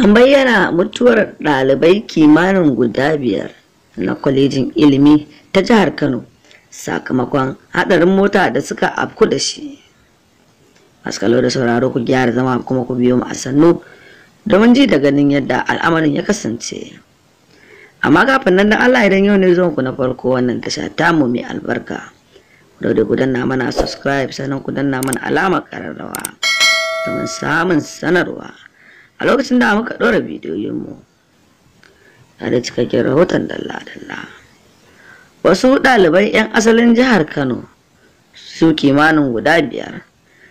An bayyana mutuwar ɗalibai kimanin guda biyar na kwalejin ilimi ta jihar Kano sakamakon haɗarin mota da suka afku da shi. Masu da sauraro ku gyara zama kuma ku biyo mu a sannu domin ji da ganin yadda al'amarin ya kasance. amma kafin nan da Allah idan yau ne zuwan ku na farko wannan tasha tamu mai albarka da ku danna mana subscribe sannan ku danna mana alamar kararrawa domin samun sanarwa a lokacin da muka ɗora bidiyoyinmu na da cikakken rahoton dalla-dalla wasu ɗalibai 'yan asalin jihar kano su kimanin guda biyar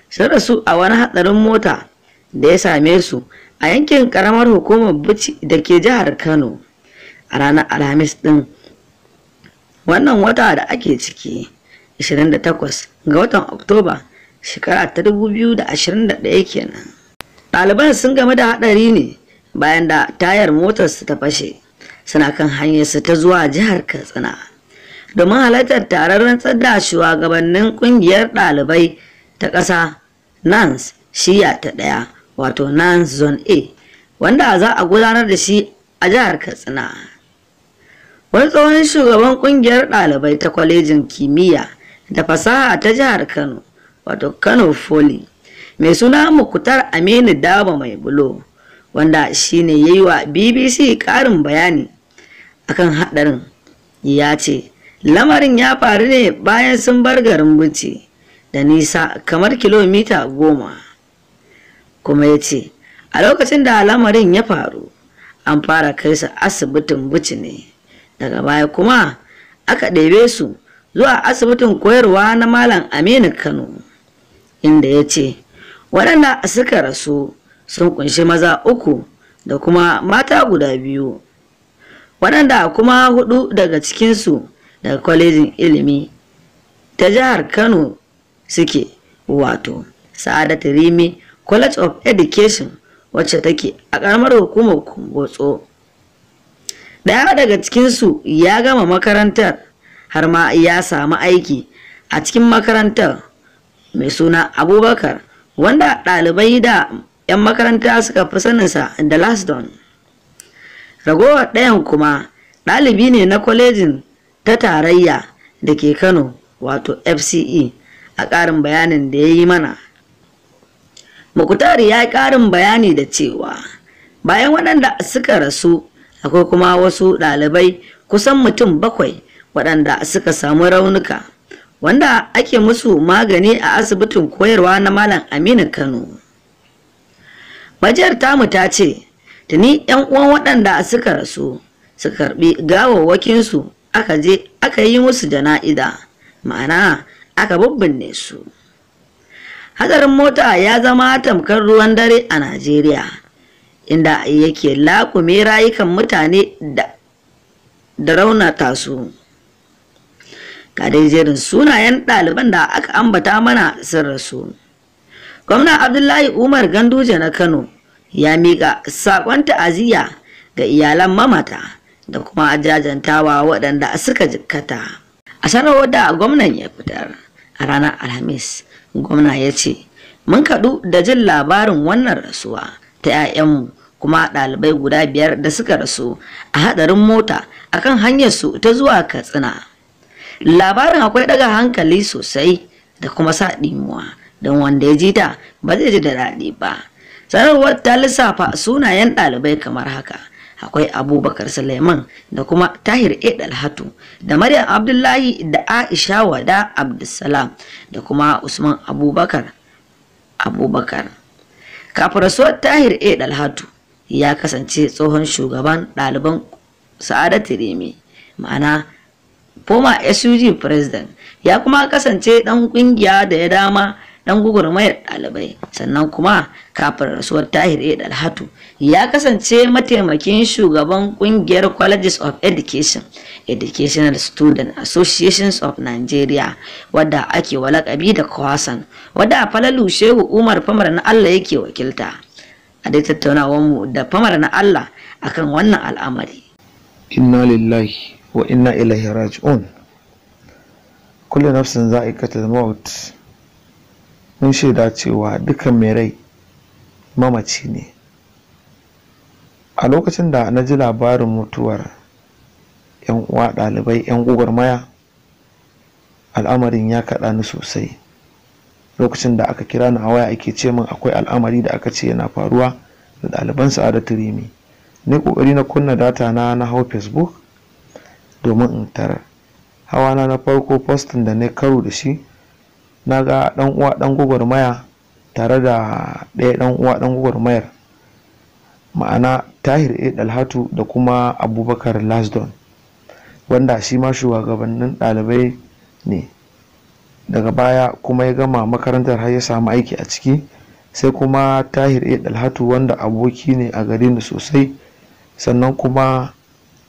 sun rasu a wani hatsarin mota da ya same su a yankin karamar hukumar bici da ke jihar kano a ranar alhamis ɗin. wannan wata da ake ciki 28 ga watan oktoba shekara ta 2021 kenan ɗaliban sun game da haɗari ne bayan da tayar motarsu ta fashe suna kan hanyarsu ta zuwa jihar katsina domin halartar taron rantsar da shugabannin ƙungiyar ɗalibai ta ƙasa nans shiya ta ɗaya wato nans zone a wanda za a gudanar da shi a jihar katsina wani tsohon shugaban ƙungiyar ɗalibai ta kwalejin kimiyya da fasaha ta jihar kano wato kano foli mai suna mukutar aminu daba mai bulo wanda shine ya yi wa bbc karin bayani akan hadarin ya ce lamarin ya faru ne bayan sun bar garin buci da nisa kamar kilomita goma kuma ya ce a lokacin da lamarin ya faru an fara kai su asibitin buci ne daga baya kuma aka ɗebe su zuwa asibitin koyarwa na malam aminu kano inda ya ce waɗanda suka rasu sun kunshi maza uku da kuma mata guda biyu waɗanda kuma hudu daga cikinsu daga kwalejin ilimi ta jihar kano suke wato sa'adat rimi college of education wacce take a ƙaramar hukumar kumbotso ɗaya daga cikinsu ya gama makarantar har ma ya samu aiki a cikin makarantar mai suna abubakar wanda ɗalibai da 'yan makaranta suka fi saninsa da lasdon ragowar ɗayan kuma ɗalibi ne na kwalejin ta tarayya da ke kano wato fce a ƙarin bayanin da ya yi mana Muktar ya yi ƙarin bayani da cewa bayan waɗanda suka rasu akwai kuma wasu ɗalibai kusan mutum bakwai waɗanda suka samu raunuka wanda ake musu magani a asibitin koyarwa na Malam Aminu Kano. Majiyar tamu ta ce, tuni 'yan uwan waɗanda suka rasu su karɓi gawawwakinsu aka je aka yi musu jana'ida, ma'ana aka bubbinne su. Hadarin mota ya zama tamkar ruwan dare a Najeriya, inda yake lakume rayukan mutane da raunata su. ga dai jerin sunayen ɗaliban da aka ambata mana sun rasu gwamna abdullahi umar ganduje na kano ya miƙa saƙon ta'aziyya ga iyalan mamata da kuma jajantawa waɗanda suka jikkata a sanarwar da gwamnan ya fitar a ranar alhamis gwamna ya ce mun kaɗu da jin labarin wannan rasuwa ta 'ya'yanmu kuma ɗalibai guda biyar da suka rasu a haɗarin mota akan hanyarsu ta zuwa katsina labarin akwai daga hankali sosai da kuma sa ɗimuwa don wanda ya ji ta ba zai ji da daɗi ba sanarwar ta lissafa sunayen ɗalibai kamar haka akwai abubakar suleiman da kuma tahir ed alhatu da maryam abdullahi da aisha wada abdulsalam da kuma usman abubakar abubakar kafin tahir ed alhatu ya kasance tsohon shugaban ɗaliban sa'adat remi ma'ana former SUG president ya kuma kasance dan kungiya da ya dama dan gugurmayar ɗalibai sannan kuma kafin rasuwar tahir e alhatu ya kasance mataimakin shugaban kungiyar colleges of education educational student associations of nigeria wadda ake walakabi da kwasan wadda falalu shehu umar famar na allah yake wakilta a dai mu da famar na allah akan wannan al'amari inna lillahi wa inna ilaihi raji'un kullu nafsin za'iqatul maut mun shaida cewa dukan mai rai mamaci ne a lokacin da na ji labarin mutuwar yan uwa ɗalibai yan maya al'amarin ya kaɗa ni sosai lokacin da aka kira ni a waya ake ce min akwai al'amari da aka ce yana faruwa da ɗaliban sa'adatu rimi ni ƙoƙari na kunna data na na hau facebook domin in tarar hawana na farko postin da na karo da shi na ga dan uwa dan gwagwarmaya tare da ɗaya dan uwa dan gwagwarmayar ma'ana tahir a dalhatu da kuma abubakar lasdon wanda shi ma shugabannin ɗalibai ne daga baya kuma ya gama makarantar har ya samu aiki a ciki sai kuma tahir a dalhatu wanda aboki ne a gari ni sosai sannan kuma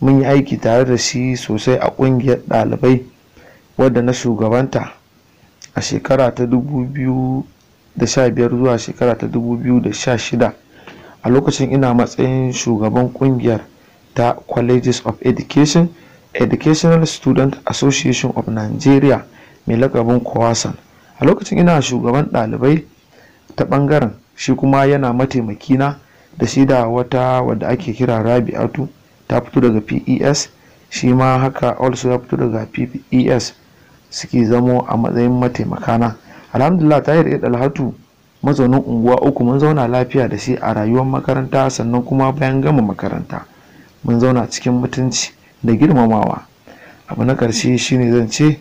mun yi aiki tare da shi sosai a kungiyar ɗalibai wadda na shugabanta a shekara ta 2015 zuwa shekara ta 2016 a lokacin ina matsayin shugaban kungiyar ta colleges of education educational student association of nigeria mai lakabin kowasan a lokacin ina shugaban ɗalibai ta bangaren shi kuma yana mataimakina da shi da wata wadda ake kira rabi'atu ta fito daga pes shi ma haka also ya fito daga pes suke zamo a matsayin mataimaka mataimakana alhamdulillah tahir ya alhatu mazaunin unguwa uku mun zauna lafiya da shi a rayuwar makaranta sannan kuma bayan gama makaranta mun zauna cikin mutunci da girmamawa abu na karshe shine zan ce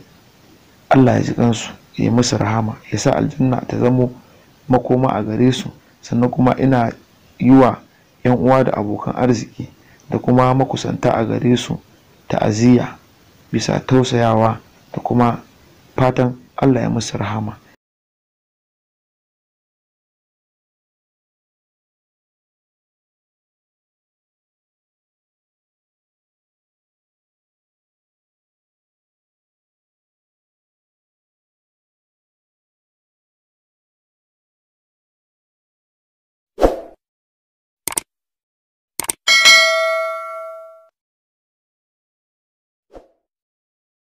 allah ya ji kansu ya musu rahama ya sa aljanna ta zamo makoma a gare su sannan kuma ina yi wa 'yan uwa da abokan arziki da kuma makusanta a gare su ta'aziyya bisa tausayawa da kuma fatan Allah ya musu rahama